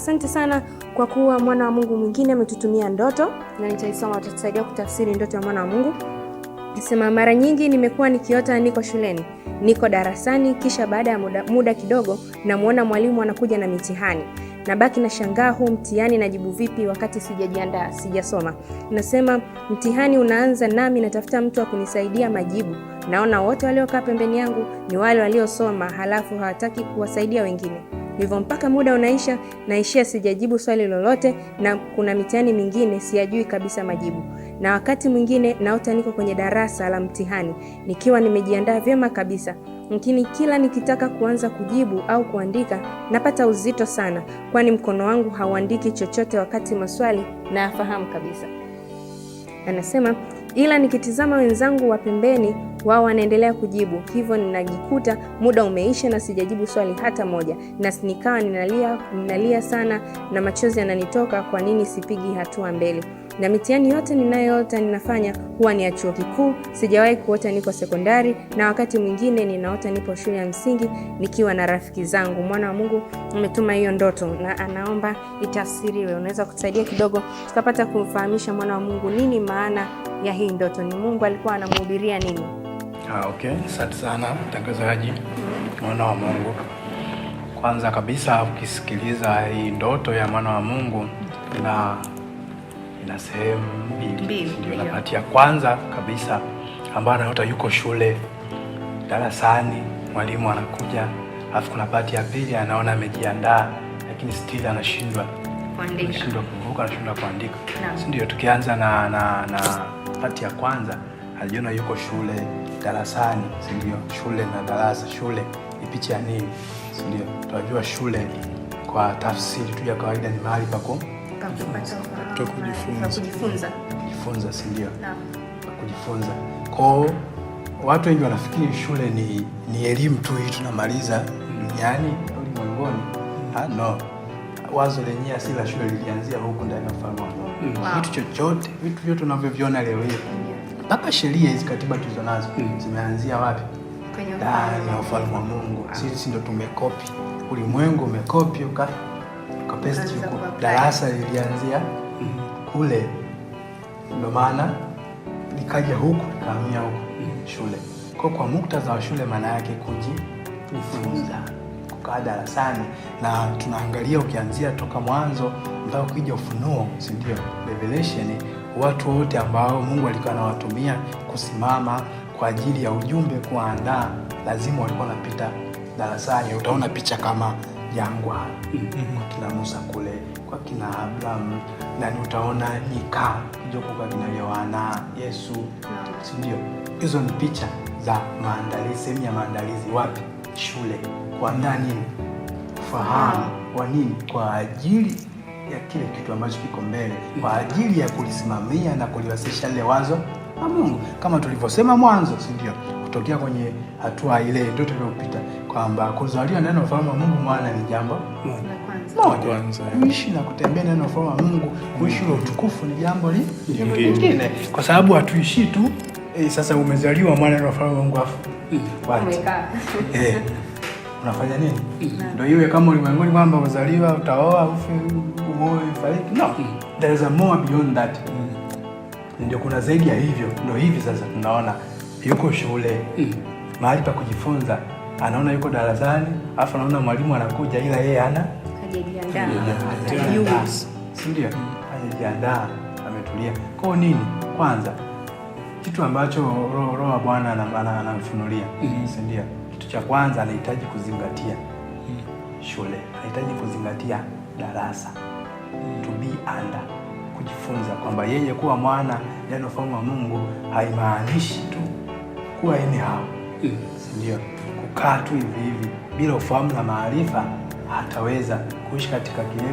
Asante sana kwa kuwa mwana wa Mungu mwingine ametutumia ndoto na nitaisoma, tutasaidia kutafsiri ndoto ya mwana wa Mungu. sema mara nyingi nimekuwa nikiota niko shuleni, niko darasani, kisha baada ya muda, muda kidogo namwona mwalimu anakuja na mitihani nabaki na shangaa, huu mtihani najibu vipi wakati sijajiandaa, sijasoma? Nasema mtihani unaanza, nami natafuta mtu wa kunisaidia majibu. Naona wote waliokaa pembeni yangu ni wale waliosoma, halafu hawataki kuwasaidia wengine. Hivyo mpaka muda unaisha, naishia sijajibu swali lolote, na kuna mitihani mingine siyajui kabisa majibu, na wakati mwingine naota niko kwenye darasa la mtihani nikiwa nimejiandaa vyema kabisa lakini kila nikitaka kuanza kujibu au kuandika napata uzito sana, kwani mkono wangu hauandiki chochote wakati maswali nayafahamu kabisa. Anasema ila nikitizama wenzangu wa pembeni, wao wanaendelea kujibu, hivyo ninajikuta muda umeisha na sijajibu swali hata moja, na nikawa ninalia, ninalia sana na machozi yananitoka. Kwa nini sipigi hatua mbele? Na mitihani yote ninayoota ninafanya huwa ni ya chuo kikuu. Sijawahi kuota niko sekondari, na wakati mwingine ninaota nipo shule ya msingi nikiwa na rafiki zangu. Mwana wa Mungu umetuma hiyo ndoto na anaomba itafsiriwe. Unaweza kutusaidia kidogo tukapata kumfahamisha mwana wa Mungu nini maana ya hii ndoto, ni Mungu alikuwa anamhubiria nini? Ah, okay. Asante sana mtangazaji, mwana wa Mungu. Kwanza kabisa ukisikiliza hii ndoto ya mwana wa Mungu na ina sehemu mbili, ndio na pati ya kwanza kabisa ambayo anaota yuko shule darasani, mwalimu anakuja, alafu kuna pati ya pili anaona amejiandaa, lakini still anashindwa kuvuka, anashindwa kuandika, si ndio? Tukianza na na, na pati ya kwanza alijiona yuko shule darasani, si ndio? Shule na darasa, shule ni picha ya nini, si ndio? Tunajua shule kwa tafsiri tu ya kawaida ni mahali pa kujifunza, kujifunza, si ndio? Kujifunza kwao watu wengi wanafikiri shule ni, ni elimu tu hii tunamaliza duniani ulimwenguni. Ah, no wazo lenyewe si la shule, lilianzia huku ndani ya ufalme wa Mungu. Mm. Wow. Vitu chochote, vitu vyote tunavyoviona leo hivi mpaka sheria hizi katiba tulizo nazo mm. zimeanzia wapi? Ndani ya ufalme wa Mungu. Sisi ndio tumekopi, ulimwengu umekopi uka ukapesti huko, darasa lilianzia mm. kule, ndo maana likaja huku nikahamia huku shule. Kwa kwa muktadha wa shule, maana yake kujifunza tunakaa darasani na tunaangalia, ukianzia toka mwanzo mpaka ukija Ufunuo, si ndio? Revelation, watu wote ambao Mungu alikuwa anawatumia kusimama kwa ajili ya ujumbe kuandaa, lazima walikuwa wanapita darasani. Utaona picha kama jangwa mm-hmm. kwa kina Musa kule, kwa kina Abraham, nani utaona nyika kijoko kwa kina Yohana, Yesu, si ndio? Hizo ni picha za maandalizi, sehemu ya maandalizi. Wapi? Shule. Kuandaa nini? fahamu kwa nini? Kwa ajili ya kile kitu ambacho kiko mbele, kwa ajili ya kulisimamia na kuliwasilisha lile wazo na Mungu, kama tulivyosema mwanzo, si ndio? Kutokea kwenye hatua ile ndio tuliyopita kwamba kuzaliwa ndani ya wa Mungu mwana ni jambo moja, kuishi na kutembea ndani ya wa Mungu, kuishi ule utukufu ni jambo lingine, kwa sababu hatuishi tu eh, sasa umezaliwa mwana wa faru wangu afu hmm. eh, unafanya nini? Hmm. Ndio iwe kama ulimwenguni kwamba umezaliwa utaoa ufe uoe fariki. No, hmm. there is a more beyond that. Mm. Ndio kuna zaidi ya hivyo. Ndio hivi sasa tunaona yuko shule Mm. mahali pa kujifunza, anaona yuko darasani, afa anaona mwalimu anakuja, ila yeye ana hajajiandaa, si ndio? Hajajiandaa, ametulia. Kwa nini? Kwanza kitu ambacho roho wa Bwana anamfunulia mm. si ndio? Kitu cha kwanza anahitaji kuzingatia mm. shule, anahitaji kuzingatia darasa mm. to be under, kujifunza kwamba yeye kuwa mwana yani ufalme wa Mungu haimaanishi tu kuwa ini hao mm. si ndio? Kukaa tu hivi hivi bila ufahamu na maarifa hataweza kuishi katika kilele